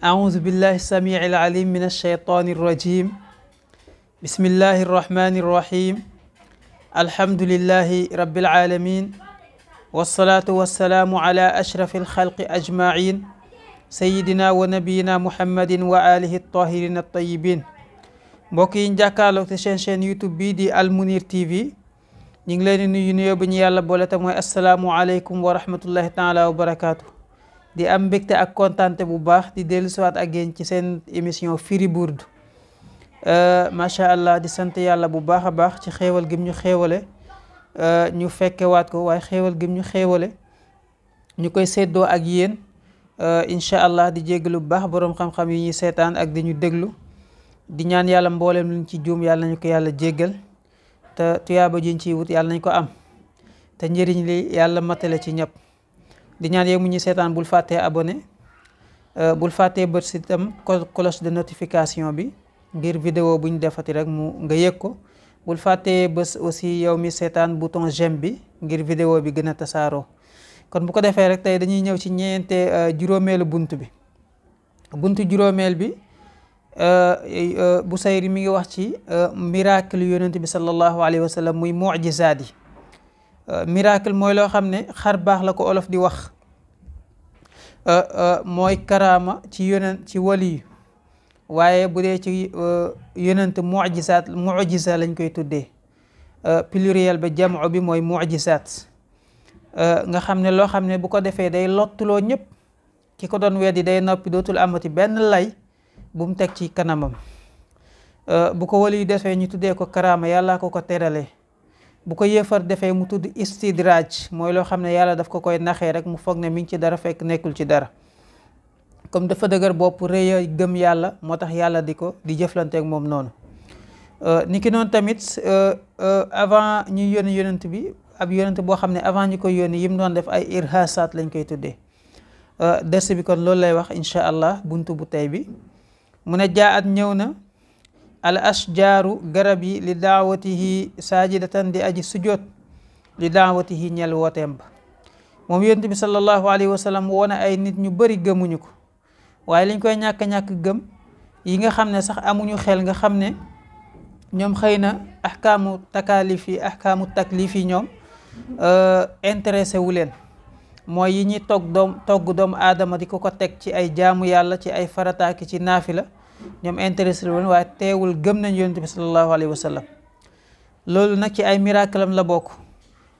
أعوذ بالله السميع العليم من الشيطان الرجيم بسم الله الرحمن الرحيم الحمد لله رب العالمين والصلاة والسلام على أشرف الخلق أجمعين سيدنا ونبينا محمد وآله الطاهرين الطيبين mbokk yi jàkkaarloo te seen chaîne YouTube bii di Al Mounir TV ñu ngi leen di nuyu nuyoo bu ñu yàlla boole te mooy asalaamualeykum wa rahmatullahi taala wa barakaatu. di am mbégte ak kontante bu baax di dellu siwaat ak yéen ci seen émission firi burdu euh, macha allah di sant yàlla bu baax a baax ci xéewal gim ñu xéewale euh, ñu fekkewaat ko waaye xéewal gim ñu xéewale ñu koy seddoo ak yéen euh, incha allah di jéggalu bu baax boroom xam-xam yi ñuy seetaan ak di ñu déglu di ñaan yàlla mbooleem luñ ci juum yàlla nañu ko yàlla jéggal te tuyaaba jiñ ciy wut yàlla nañ ko am te njëriñ li yàlla matale ci ñëpp di ñaan yow mu ñu seetaan bul fàttee abonné euh, bul fàttee bët si itam cloche de notification bi ngir vidéo buñ defati rek mu nga yëg ko bul fàtte bës aussi yow mi seetaan bouton j'aime bi ngir vidéo bi gën a tasaaroo kon bu ko defee rek tey dañuy ñëw ci ñeente euh, juróomeelu bunt bi bunt juróomeel bi euh, Busayri mi ngi wax ci miracle yonent bi sallallahu alayhi wa sallam muy mujizaat yi Euh, miracle mooy loo xam ne xar baax la ko olof di wax euh, euh, mooy karaama ci yonent ci waliyu waaye bu dee ci yonent mujisaat mujisa lañ koy tuddee pluriel ba jamoo bi mooy mujisaat nga xam ne loo xam ne bu ko defee day lottuloo ñëpp ki ko doon weddi day noppi dootul amati benn lay bu mu teg ci kanamam bu ko waliyu defee ñu tuddee ko karaama yàlla ko ko teralee bu ko yéefar defee mu tudd istidraaj mooy loo xam ne yàlla daf ko koy naxee rek mu foog ne mi ngi ci dara fekk nekkul ci dara comme dafa dëgër bopp rëy a gëm yàlla moo tax yàlla di ko di jëflanteek moom noonu euh, ni ki noonu tamit euh, euh, avant ñi yónni yonent bi ab yonent boo xam ne avant ñi koy yónni yim doon def ay irhasaat lañ koy tuddee ders bi kon loolu lay wax incha allah buntu bu tey bi mu ne at ñëw na al ashjaaru garab yi li daawatihi saajidatan di aji sujjoot li daawatihi ñel wooteem ba moom yonent bi sallallahu alayhi wa sallam woon ay nit ñu bari gëmuñu ko waaye liñ koy ñàkk-ñàkk gëm yi nga xam ne sax amuñu xel nga xam ne ñoom xëy na ahkaamu takaalif yi ahkaamu taklif yi ñoom euh, intéressé wu leen mooy yi ñuy togg doom togg doom aadama di ko ko teg ci ay jaamu yàlla ci ay farataaki ci naafila ñoom intéressé woon waaye teewul gëm nañ yonent bi sallallahu alayhi wa loolu nag ci ay miracle la bokk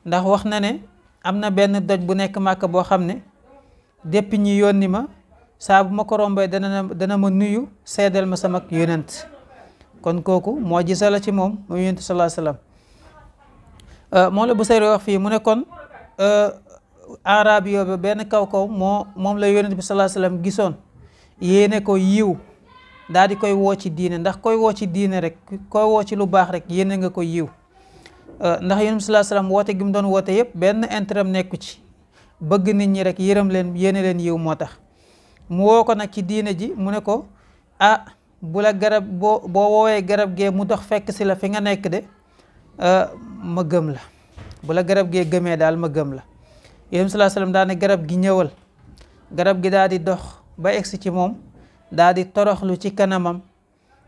ndax wax na ne am na benn doj bu nekk màkk boo xam ne dépp ñi yónni ma saa bu ma ko rombee dana dana ma nuyu seddal ma sama yonent kon kooku moo gisa la ci moom mu yonent sallallahu alayhi wa la bu sayro wax fii mu ne kon euh, arab yoobe benn kaw kaw moo moom la yonent bi sallallahu alayhi gisoon yéene ko yiw daal di koy woo ci diine ndax koy woo ci diine rek koy woo ci lu baax rek yéene nga ko yiw euh, ndax yéen bi salaa salaam woote gi mu doon woote yëpp benn intérêt nekku ci bëgg nit ñi rek yërëm leen yéene leen yiw moo tax mu woo ko nag ci diine ji mu ne ko ah bu la garab boo boo woowee garab gee mu dox fekk si la fi nga nekk de euh, ma gëm la bu la garab gee gëmee daal ma gëm la yéen bi salaa salaam daa ne garab gi ñëwal garab gi daal di dox ba egsi ci moom daal di toroxlu ci kanamam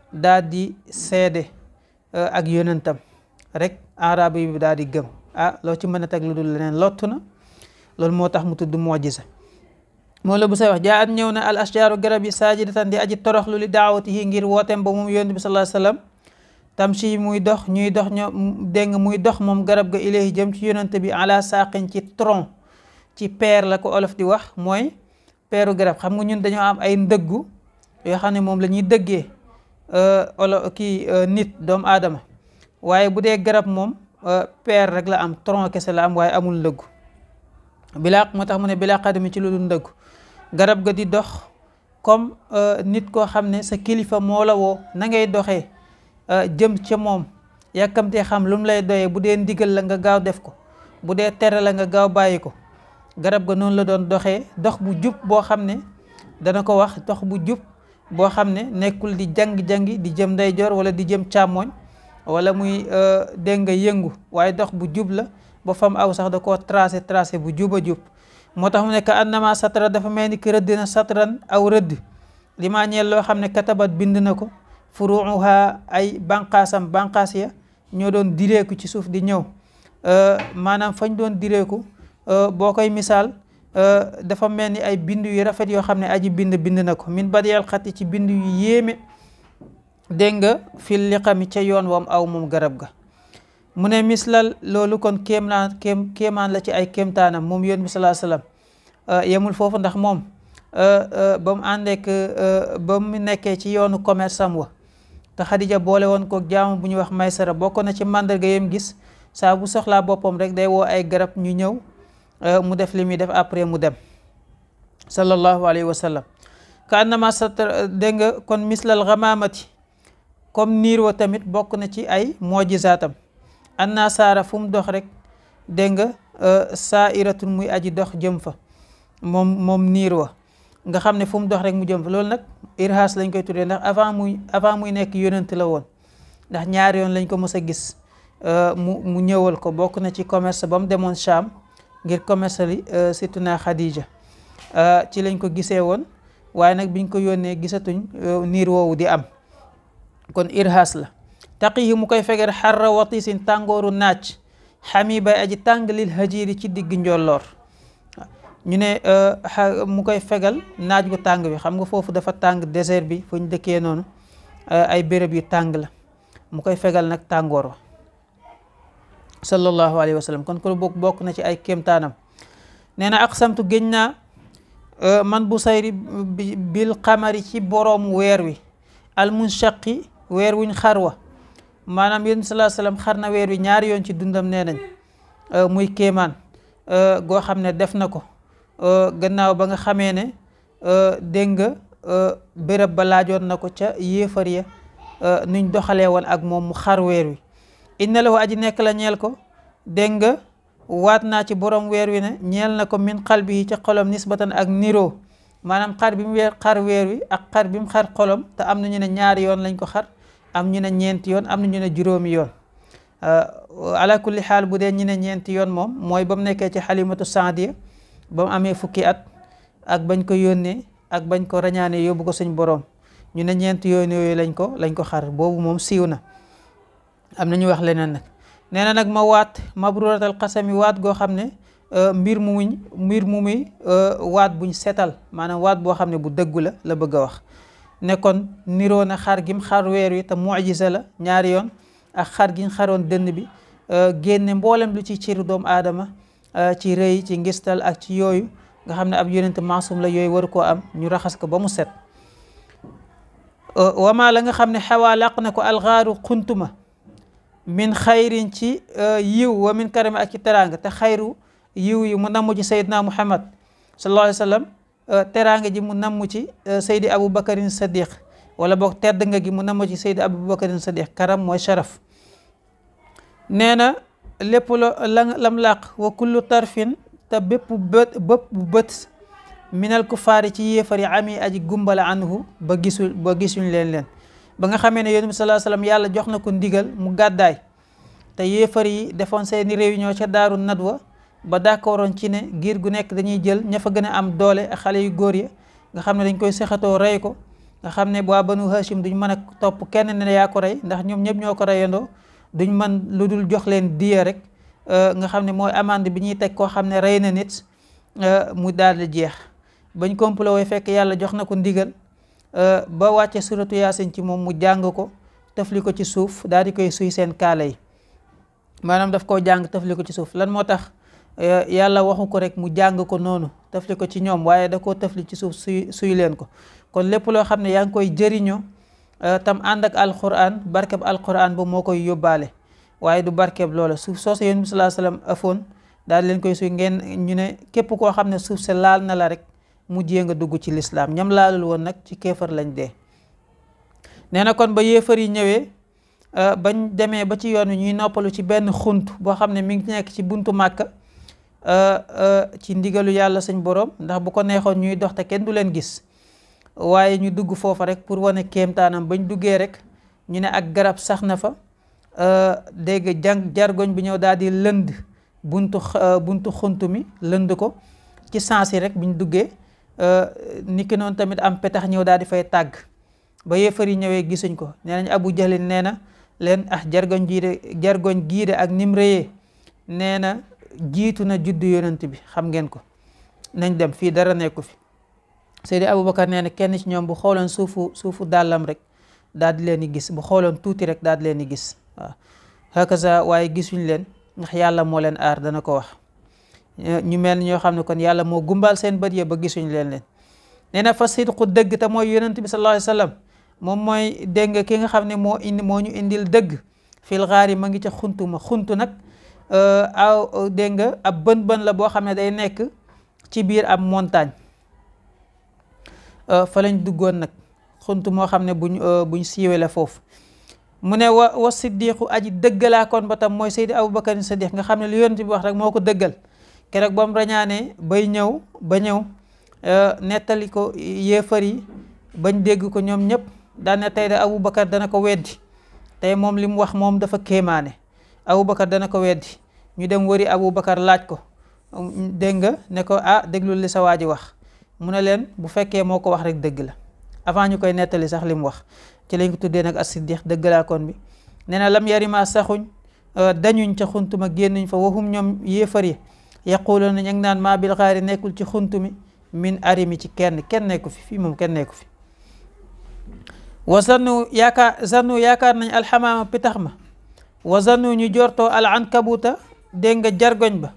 daa di seede euh, ak yonentam rek arab yi daal di gëm ah loo ci mën a teg lu dul leneen lottu na loolu moo tax mu tudd mojisa moo la bu say wax jaat ñëw na al ashjaaru garab yi saajidatan di aji toroxlu li yi ngir wooteem ba moom yonent bi sa alayhi wasallam tamshi muy dox ñuy dox ñoo dégg muy dox moom garab ga ilayhi jëm ci yonent bi ala saaqin ci tronc ci peer la ko olof di wax mooy peeru garab xam nga ñun dañoo am ay ndëggu yoo xam ne moom la ñuy dëggee euh, wala kii euh, nit doomu aadama waaye bu dee garab moom euh, peer rek la am tronc kese la am waaye amul ndëggu bilaa moo tax mu ne bilaa xadami ci lu dul ndëggu garab ga di dox comme nit koo xam ne sa kilifa moo la woo na ngay doxee jëm ca moom yàkkamtee xam lu mu lay doyee bu dee ndigal la nga gaaw def ko bu dee tere la nga gaaw bàyyi ko garab ga noonu la doon doxee dox bu jub boo xam ne dana ko wax dox bu jub boo xam ne nekkul di jàng-jangi di jëm ndeyjoor wala di jëm càmmooñ wala muy euh, dégg nga yëngu waaye dox bu jub la ba fam aw sax da ko tracé tracé bu juba jub moo tax mu nekk ka annama satara dafa mel ni ki rëdd na satran aw rëdd li maa loo xam ne katabat bind na ko furuuha ay banqaasam banqaas ya ñoo doon direeku ci suuf di ñëw euh, maanaam fañ doon direeku euh, boo koy misaal Euh, dafa mel ni ay bind yu rafet yoo xam ne aji bind bind na ko min ba xati ci bind yu yéeme dégg nga fil liqami ca yoon wam aw moom garab ga mu ne mislal loolu kon kéemnaan kéem kéemaan la ci ay kéemtaanam moom yoon bi salaa salaam euh, yemul foofu ndax moom euh, ba mu àndeek ba mu nekkee ci yoonu commerce wa te Xadija boole woon ko jaamu bu ñu wax maysara bokk na ci màndarga yam gis saa bu soxlaa boppam rek day woo ay garab ñu ñëw Euh, mu def li muy def après mu dem sallallahu alayhi wa sallam ka annama satra dégg nga kon mislal xamaamati comme niir wa tamit bokk na ci ay mojisaatam anna saara fu mu dox rek dégg nga euh, saa iratun muy aji dox jëm fa moom moom niir wa nga xam ne fu mu dox rek mu jëm fa loolu nag irhaas lañ koy tuddee ndax avant muy avant muy nekk yonent la woon ndax ñaari yoon lañ ko mës a gis euh, mu mu ñëwal ko bokk na ci commerce ba mu demoon Cham ngir commerciali euh, Situna Khadija euh, ci lañ ko gisee woon waaye nag biñ ko yónnee gisatuñ euh, niir woowu di am kon irhaas la taqihi mu koy feger xarra watisin tàngooru naaj xami bay aji tàng lil hajiri ci digg njolloor ñu ne mu koy fegal naaj bu tàng bi xam nga foofu dafa tàng désert bi fu ñu dëkkee noonu ay béréb yu tàng la mu koy fegal nag tàngoor wa sallallahu alayhi wa sallam kon ko bokk bokk na ci ay kéemtaanam nee na aqsamtu géñ naa euh, man bu sayri bil xamari ci boroom weer wi almunshaqi weer wuñ xar wa maanaam yéen sallallahu alayhi xar na weer wi ñaari yoon ci dundam nee nañ euh, muy kéemaan euh, goo xam ne def na ko gannaaw ba nga xamee ne dégg nga béréb ba laajoon na ko ca yéefar ya nuñ doxalee woon ak moom mu xar weer wi inna lahu aji nekk la ñeel ko dégg nga waat naa ci borom weer wi ne ñeel na ko min qalbi ci xolom nisbatan ak niroo maanaam xar bi mu weer xar weer wi ak xar bi mu xar xolom te am na ñu ne ñaari yoon lañ ko xar am ñu ne ñeenti yoon am na ñu ne juróomi yoon euh, ala kulli xaal bu dee ñu ne ñeenti yoon moom mooy ba mu nekkee ci xalimatu saadiya ba mu amee fukki at ak bañ ko yónnee ak bañ ko rañaane yóbbu ko suñ borom ñu ne ñeenti yoon yooyu lañ ko lañ ko xar boobu moom siiw na am na ñu wax leneen nag nee na nag ma waat mabruratal xasami waat goo xam ne euh, mbir mu mbir mu muy euh, waat buñ setal maanaam waat boo xam ne bu dëggu la la bëgg wax ne kon niroo na xar gim xar weer wi te mujisa la ñaari yoon ak xar giñ xaroon dënn bi euh, génne mboolem lu ci ciru doomu aadama ci rëy ci ngistal ak ci yooyu nga xam ne ab yonent maasum la yooyu waru koo am ñu raxas ko ba mu set wama la nga xam ne xawaa laq na ko alxaaru xuntuma min xayrin ci euh, yiw wa min karami ak ci teraanga te xayru yiw yi mu namm ci sayidna muhammad sallallahu alayhi wa sallam euh, teraanga ji mu namm ci euh, saydi abou bakarin sadiq wala boog tedd nga gi mu namm ci saydi abou bakarin sadiq karam mooy sharaf nee na lépp la lam làq wa kullu tarfin te bépp bët bépp bët minal kufaari ci yéefar yi ami aji gumbala anhu ba gisul ba gisuñ leen leen ba nga xamee ne yonent bi sallallahu alayhi yàlla jox na ko ndigal mu gàddaay te yéefar yi defoon seeni réunion ca daaru wa ba d'accordoon ci ne giir gu nekk dañuy jël ña fa gën a am doole ak xale yu góor ya nga xam ne dañ koy sexatoo rey ko nga xam ne waa ba banu hashim duñ mën a topp kenn ne yaa ko rey ndax ñoom ñëpp ñoo ko reyandoo duñ mën lu dul jox leen diya rek euh, nga xam ne mooy amande bi ñuy teg koo xam ne rey na nit euh, mu daal di jeex bañ complot fekk yàlla jox na ko ndigal Euh, ba wàcce suratu yaasin ci moom mu jàng ko tëfli ko ci suuf daal di koy suy seen kaala yi maanaam daf koo jàng tëfli ko ci suuf lan moo tax euh, yàlla waxu ko rek mu jàng ko noonu tëfli ko ci ñoom waaye da koo tëfli ci suuf suy suy leen ko kon lépp loo xam ne yaa ngi koy jëriñoo euh, tam ànd ak alquran barkeb alquran ba moo koy yóbbaale waaye du barkeb loola suuf soosu yéen bi salaa salaam afoon daal di leen koy suy ngeen ñu ne képp koo xam ne suuf sa laal na la rek mujjee nga dugg ci lislaam ñam laalul woon nag ci kéefar lañ dee nee na kon ba yéefar yi ñëwee euh, bañ demee ba ci yoon wi ñuy noppalu ci benn xunt boo xam ne mi ngi nekk ci buntu màkka euh, euh, ci ndigalu yàlla suñ borom ndax bu ko neexoon ñuy dox te kenn du leen gis waaye ñu dugg foofa rek pour wane kéemtaanam bañ duggee rek ñu ne ak garab sax na fa dégg jàng jargoñ bi ñëw daal di lënd buntu buntu xunt mi lënd ko ci sens yi rek biñ duggee Euh, niki noonu tamit am petax ñëw daal di fay tàgg ba yéefar yi ñëwee gisuñ ko nee nañ abu jahlin nee na leen ah jargoñ jiide jargoñ giide ak nim réyee nee na jiitu na juddu yonent bi xam ngeen ko nañ dem fii dara nekku fi Seydi Aboubacar nee na kenn ci ñoom bu xooloon suufu suufu dàllam rek daal di leen di gis bu xooloon tuuti rek daal di leen di gis waaw hakaza waaye gisuñ leen ndax yàlla moo leen aar dana ko wax ñu mel ni ñoo xam ne kon yàlla moo gumbaal seen bët ya ba gisuñu leen leen nee na fa sidqu dëgg te mooy yonent bi sallallahu alayhi moom mooy dégg nga ki nga xam ne moo indi moo ñu indil dëgg fil xaari ma ngi ca xuntu ma xuntu nag euh, aw dégg nga ab bën bën la boo xam ne day nekk ci biir ab montagne euh, fa lañ duggoon nag xuntu moo xam ne buñ euh, buñ siiwee la foofu mu ne wa wa siddiqu aji dëggalaakoon ba tam mooy Seydi Abubakar Siddiq nga xam ne lu yonent bi wax rek moo ko dëggal keroog ba mu rañaanee bay ñëw ba ñëw euh, nettali ko yéefar yi bañ dégg ko ñoom ñëpp daane tey de Aboubacar dana ko weddi tey moom li mu wax moom dafa kéemaane Aboubacar dana ko weddi ñu dem wari wëri Aboubacar laaj ko um, dégg nga ne ko ah déglul li sa waa wax mu ne leen bu fekkee moo ko wax rek dëgg la avant ñu koy nettali sax li mu wax ci lañ ko tuddee nag as-Siddiq dëggalaakoon bi nee na lam yarima saxuñ euh, dañuñ ca xunt ma génn génnuñ fa waxum ñoom yéefar yi yaquluna ñu ngi naan maa bil xaari nekkul ci xunt mi min arimi ci kenn kenn nekku fi fi moom kenn nekku fi wa zannu yaakaar zannu yaakaar nañ alxamaama pitax ma wa zannu ñu jortoo al ankabuta dégg nga jargoñ ba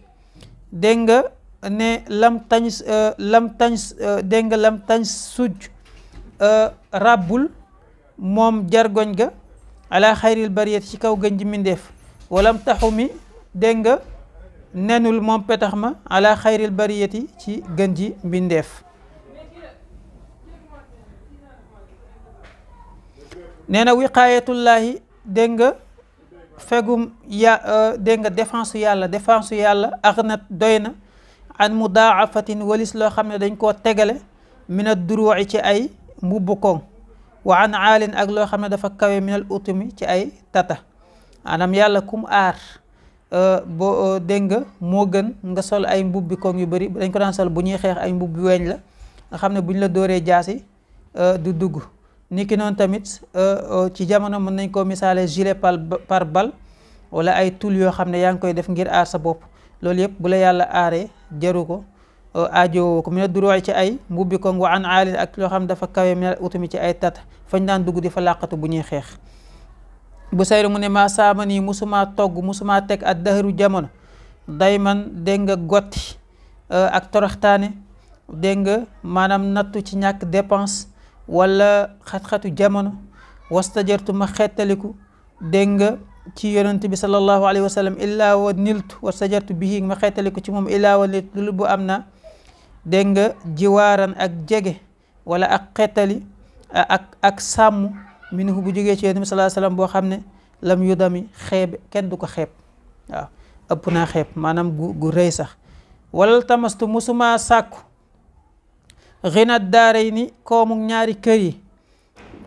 dégg nga ne lam tañ euh, lam tañ euh, dégg nga lam tañ suj euh, ràbbul moom jargoñ ga ala xayril bariyat ci kaw gën ji mindeef walam taxu mi dégg nga nenul moom petax ma ala xayril bariyati ci gën ji mbindeef nee na wiqaayatullaahi dégg nga fegum ya euh, dégg nga défense yàlla défense yàlla ak doy na an mudaafatin walis loo xam ne dañ koo tegale minat duruuci ci ay mbubb koŋ wa an aalin ak loo xam ne dafa kawe minal utumi ci ay tata maanaam yàlla kum aar Euh, boo euh, dégg nga moo gën nga sol ay mbub bi yu bari dañ ko daan sol bu ñuy xeex ay mbub bi weñ la nga xam ne bu ñu la dóoree jaasi euh, du dugg niki noonu tamit ci jamono mën nañ koo misaale gilet par bal wala ay tul yoo xam ne yaa ngi koy def ngir aar sa bopp loolu yëpp bu la yàlla aaree jaru ko aajowoo ko mu ne duruwaay ci ay mbubbi koŋ wa an aalin ak yoo xam ne dafa kawe mi ne utumi ci ay tata fañ daan dugg di fa làqatu bu ñuy xeex bu sayru mu ne maa saama nii musumaa togg musumaa teg ak daharu jamono day man dégg nga gotti euh, ak toroxtaane dégg nga maanaam nattu ci ñàkk dépense wala xat-xatu jamono wastajartu ma xettaliku dégg nga ci yonent bi sallallahu alayhi wa sallam illaa wa niltu wastajartu bihi ma xettaliku ci moom illaa wa niltu lu am na dégg nga jiwaaran ak jege wala ak xettali ak ak sàmm minhu bu jógee ci yenn mi sallallahu alayhi wasallam boo xam ne lam yu dami xeeb kenn du ko xeeb waaw ëpp naa xeeb maanaam gu gu rëy sax walla tamastu musuma sàkku xinat daara yi ni koomu ñaari kër yi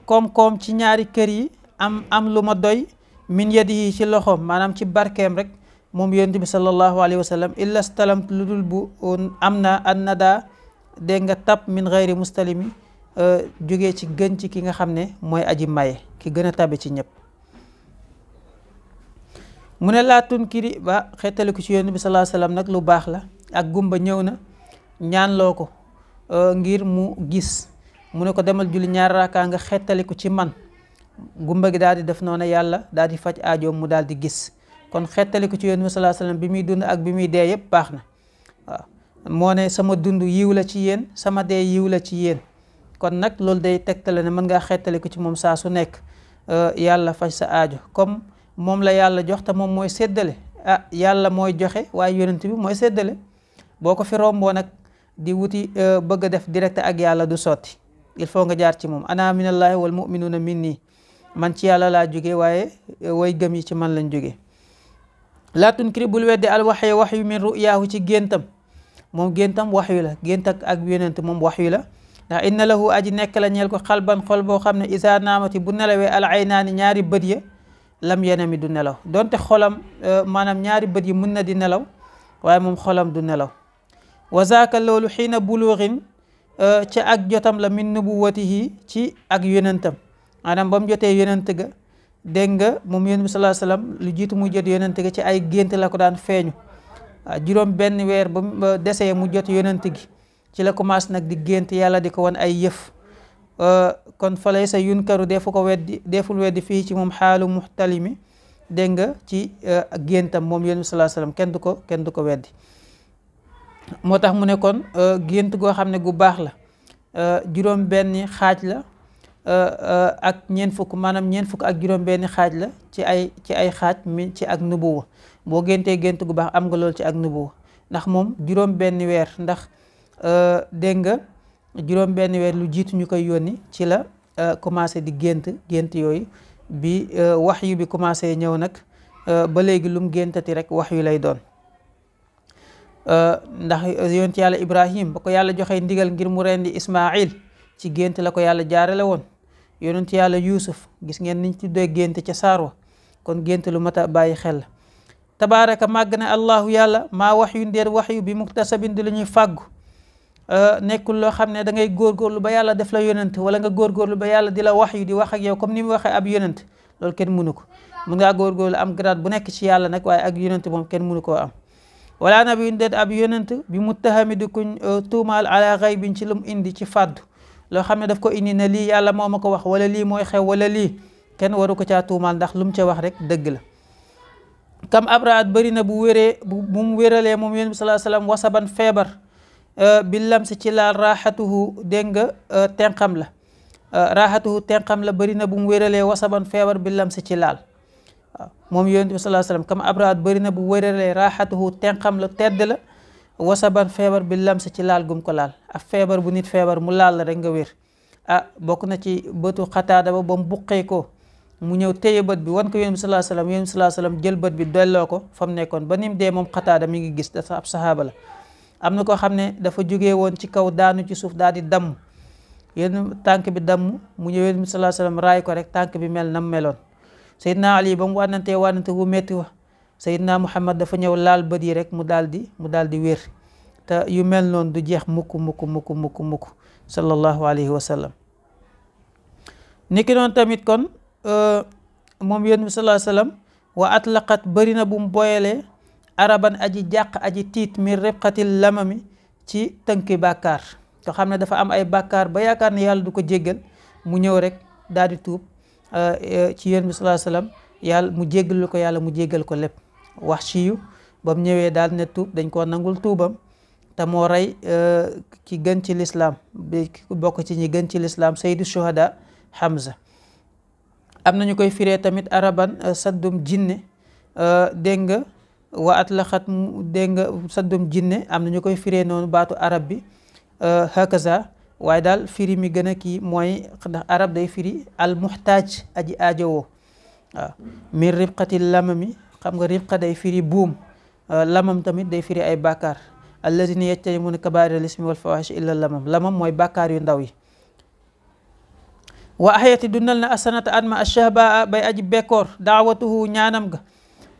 koom-koom ci ñaari kër yi am am lu ma doy min yadi yi ci loxoom maanaam ci barkeem rek moom yonent bi sallallahu alayhi wasallam illa stalam lu dul bu um, am na an nada dégg nga tab min xayri mustalimi Euh, jóge ci gën ci ki nga xam ne mooy aji maye ki gën a tabi ci ñëpp mu ne laa tunkiri ba xeetaliku ci yonent bi salaa salaam nag lu baax la ak gumba ñëw na ñaanloo ko euh, ngir mu gis mu ne ko demal julli ñaar raakaa nga xeetaliku ci man gumba gi daal di def noonu yàlla daal di faj aajoom mu daal di gis kon xeetaliku ci yonent bi salaa salaam bi muy dund ak bi muy dee yëpp baax na moo ne sama dund yiw la ci yéen sama dee yiw la ci yéen kon nag loolu day tegtale ne mën ngaa xeetale ko ci moom saa su nekk euh, yàlla faj sa aajo comme moom la yàlla jox te moom mooy seddale ah yàlla mooy joxe waaye yonent bi mooy séddale boo ko fi romboo nag di wuti euh, bëgg a def direct ak yàlla du sotti il faut nga jaar ci moom ana minallaahi wal muminuuna min nii man ci yàlla laa jóge waaye euh, way gëm yi ci man lañ jóge laa tunkiri bul weddi al waxyu waxyu min ruyaahu ci géntam moom géntam wi la gént ak ak yonent moom wi la ndax inna aji nekk la ñeel ko xalban xol boo xam ne isa naamati bu nelawee al aynaani ñaari bët ya lam yenami du nelaw donte xolam euh, maanaam ñaari bët yi mën na di nelaw waaye moom xolam du nelaw wa zaaka loolu xiina buluuxin euh, ci ak jotam la min nubuwatihi ci ak yonentam maanaam ba mu jotee yonent ga dégg nga moom yonent bi salaa salaam lu jiitu muy jot yonent ci ay gént la ko daan feeñu waaw juróom benn weer ba mu desee mu jot yonent gi ci la commencé nag di gént yàlla di ko wan ay yëf euh, kon falay sa yunkaru fu ko weddi deful weddi fii ci moom xaalu muxtalimi dégg nga ci euh, géntam moom yéen bi salaa salaam kenn du ko kenn du ko weddi moo tax mu ne kon euh, gént goo xam ne gu baax la juróom benni xaaj la ak ñeent fukk maanaam ñeent fukk ak juróom xaaj la ci ay ci ay xaaj mi ci ak nubuwa boo géntee gént gu baax am nga lool ci ak nubuwa ndax moom juróom benni weer ndax Euh, dégg nga juróom benn weer lu jiitu ñu koy yónni ci la euh, commencé di gént gént yooyu bi euh, wax yu bi commencé ñëw nag ba léegi lum mu géntati rek wax yu lay doon ndax yonent yàlla Ibrahim ba ko yàlla joxee ndigal ngir mu rendi Ismail ci gént la ko yàlla jaarale woon ci yàlla Yuusuf gis ngeen niñ tuddee gént ca saarwa kon gént lu mat a bàyyi xel tabaaraka màgg na allahu yàlla maa wax yu ndeer wax yu bi muktasabin di lu ñuy fàggu Euh, nekkul loo xam ne da ngay góorgóorlu ba yàlla def la yonant wala nga góorgóorlu ba yàlla di la wax yu di wax ak yow comme ni mu waxee ab yonent loolu kenn mënu ko nga góor góorgóorlu am grade bu nekk ci yàlla nag waaye ak yonent moom kenn mënu koo am wala nabiyun déet ab yonent bi muttahami di kuñ euh, tuumaal ala xaybin ci lu mu indi ci fàddu loo xam ne daf ko indi ne lii yàlla moo ma ko wax wala lii mooy xew wala lii kenn waru ko caa tuumaal ndax lu mu ca wax rek dëgg la kam abraat bëri na bu wéree bu mu wéralee moom yonent bi salaa salaam wasaban feebar Euh, billam si ci laal raaxatuhu dégg nga euh, tenqam la euh, raaxatuhu tenqam la bëri na bu mu wéralee wasaban feebar billam si ci laal waaw moom yonent bi salaa sallam kam abraat bëri na bu wéralee raaxatuhu tenqam la tedd la wasaban feebar billam si ci laal gum ko laal ak feebar bu nit feebar mu laal la rek nga wér ah bokk na ci bëtu xataada ba ba mu ko mu ñëw téye bët bi wan ko yonent bi salaa sallam yonent jël bët bi delloo ko fa mu nekkoon ba nim dee moom xataada mi ngi gis dafa ab am na koo xam ne dafa jóge woon ci kaw daanu ci suuf daal di damm yenn tànk bi damm mu ñëw yonent bi sallallahu alayhi wasallam ko rek tànk bi mel nam meloon Seydina Ali ba mu wànnantee wànnante wu metti wa Seydina Muhammad dafa ñëw laal bët yi rek mu daal di mu daal di wér te yu mel noonu du jeex mukk mukk mukk mukk mukk sallallahu alayhi tamit kon euh, moom yonent bi sallallahu alayhi wasallam wa atlaqat bëri na bu mu boyalee araban aji jàq aji tiit mi ribqatil lamami ci tënki bàkkaar nga xam ne dafa am ay bàkkaar ba yaakaar ne yàlla du ko jéggal mu ñëw rek daal di tuub euh, euh, ci yéen bi salaa salaam yàlla mu jéggal ko yàlla mu jéggal ko lépp wax ci yu ba mu ñëwee daal ne tuub dañ koo nangul tuubam te moo rey euh, ki gën ci lislaam bi bokk ci ñi gën ci lislaam sayyidu shuhada Hamza am na ñu koy firee tamit araban saddum jinne dégg nga wa atlaxat dégg nga saddum jinne am na ñu koy firee noonu baatu arab bi euh, hakaza waaye daal firi mi gën a kii mooy ndax arab day firi al muhtaaj aji min ribqati lamami xam nga ribqa day firi buum euh, lamam tamit day firi ay bàkkaar allazina yajtanibuna kabaairal ismi wal fawaahisha illa lamam lamam mooy bakkaar yu ndaw yi wa axyati dundal na asanata at ma ashahbaa bay aji bekkoor daawatuhu ñaanam ga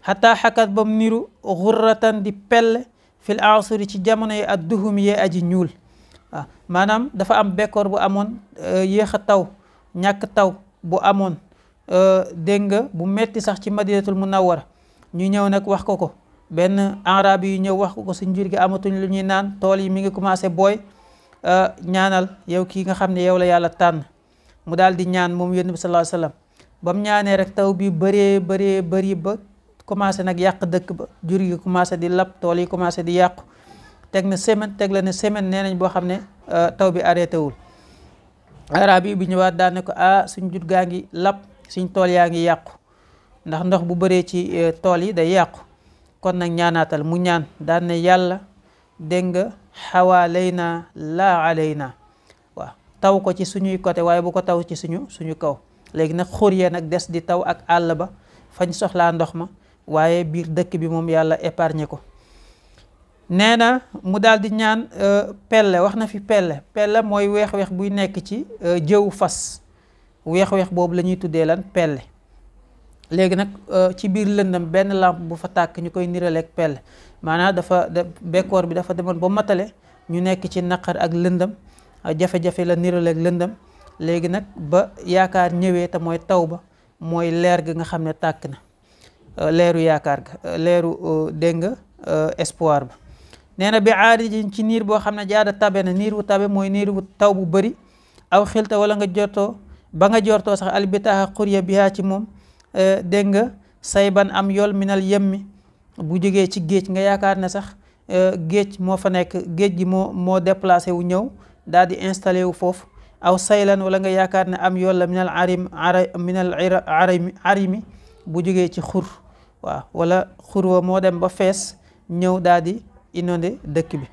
xataa xakat ba mu niru xurratan di pell fil asuri ci jamono yi ak duhum yee aji ñuul ah, maanaam dafa am bekkoor bu amoon euh, yéex a taw ñàkk taw bu amoon euh, dégg nga bu metti sax ci madinatul munawwara ñu ñëw nag wax ko ko benn arab yi ñëw wax ko ko suñ jur gi amatuñ lu ñuy naan tool yi mi ngi commencé booy euh, ñaanal yow kii nga xam ne yow la yàlla tànn mu daal di ñaan moom yónni bi sallallahu alayhi wasallam ñaanee rek taw bi bëree bëree bëri ba commencé nag yàq dëkk ba jur yi commencé di lab tool yi commencé di yàqu teg na semaine teg la ne semaine nee nañ boo xam ne euh, taw bi arrêté wul arab yi bi ñëwaat daan ne ko ah suñ jut gaa ngi lab suñ tool yaa ngi yàqu ndax ndox bu bëree ci euh, tool yi day yàqu kon nag ñaanaatal mu ñaan daan yàlla dégg nga xawaalay naa laa alay naa waaw taw ko ci suñuy côté waaye bu ko taw ci suñu suñu kaw léegi nag xur yee nag des di taw ak àll ba fañ soxlaa ndox ma waaye biir dëkk bi moom yàlla épargner ko nee na mu daal di ñaan euh, pelle wax na fi pelle pelle mooy weex-weex buy nekk ci euh, jëwu fas weex-weex boobu la ñuy tuddee lan pelle léegi nag euh, ci biir lëndëm benn lampe bu fa tàkk ñu koy niraleeg pelle maanaa dafa bekkoor bi dafa demoon ba matale ñu nekk ci naqar ak lëndam jafe-jafe la niraleeg lëndëm léegi nag ba yaakaar ñëwee te mooy taw ba mooy leer gi nga xam ne tàkk na Euh, leeru yaakaar ga euh, leeru euh, dégg nga espoir ba nee na bi aarijin ci niir boo xam ne jaada tabe na niir wu tabe mooy niir wu taw bu bëri aw xilta wala nga jortoo ba nga jortoo sax albitaaxa xurya bihaa ci moom dégg nga ban am yool minal yemmi bu jógee ci géej nga yaakaar ne sax géej moo fa nekk géej gi moo moo déplacé wu ñëw daal di installé wu foofu aw saylan wala nga yaakaar ne am yool la minal arim ara minal arimi bu jógee ci xur waaw wala xurwa moo dem ba fees ñëw daal di inondé dëkk bi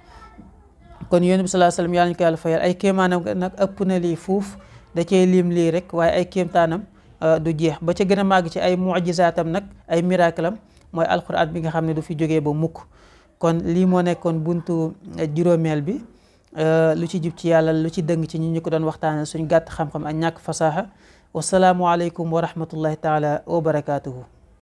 kon yonent bi sallallahu alayhi wasallam ñu ko yàlla ay kéemaanam nag ëpp na lii fuuf da cee lim lii rek waaye ay kéemtaanam euh, du jeex ba ca gën a màgg ci ay mujisaatam nag ay miracle mooy alquran bi nga xam ne du fi jóge ba mukk kon lii moo nekkoon buntu euh, juróomeel bi euh, lu ci jub ci yàlla lu ci dëng ci ñi ñu ko doon waxtaane suñ gàtt xam-xam ak ñàkk fasaaxa wasalaamualeykum wa rahmatullahi taala wa barakaatuhu